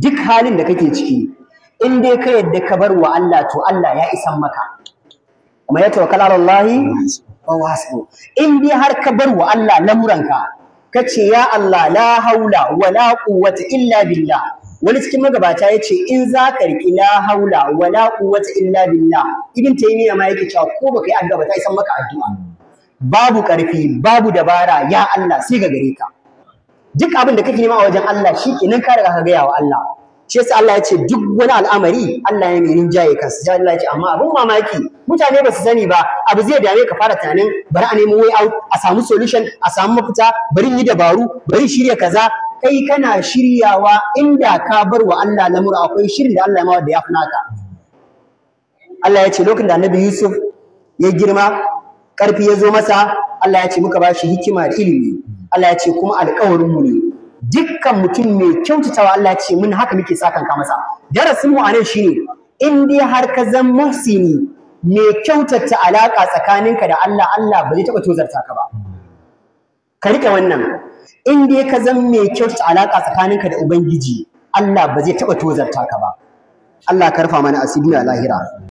duk halin da kake ciki in dai ka yadda ka bar wa Allah to Allah ya isan maka kuma ya tawakkala ala Allah wa hasbu in dai har ka bar wa Allah lamuranka kace ya Allah la haula wa la quwwata illa billah wani cikin magabata yace, in za ka riƙi la haula wa la quwwata illa billah ibn taymiya ma yake cewa ko baka yi addu'a ba ta isan maka addu'a babu ƙarfi babu dabara ya Allah sai ga gare ka duk abin da kake nema a wajen Allah shi kenan ka riga ka gaya wa Allah shi yasa Allah ya ce duk wani al'amari Allah ya mai jaye kansa sai Allah ya ce amma abin mamaki mutane ba su sani ba abu zai dame ka fara tunanin bari a nemi way out a samu solution a samu mafita bari yi dabaru bari shirya kaza kai kana shiryawa inda ka bar wa Allah lamura akwai shirin da Allah ya mawa da ya fi naka Allah ya ce lokacin da Annabi Yusuf ya girma ƙarfi ya zo masa Allah ya ce muka ba shi hikima da ilimi Allah ya ce kuma alƙawarin mu ne dukkan mutum mai kyautatawa Allah ya ce mun haka muke sakanka masa darasin mu anan shine in dai har ka zan muhsini mai kyautata alaƙa tsakaninka da Allah Allah ba zai taɓa tozarta ka ba ka riƙe wannan in dai ka zan mai kyautata alaƙa tsakaninka da ubangiji Allah ba zai taɓa tozarta ka ba Allah rufa mana asiri a lahira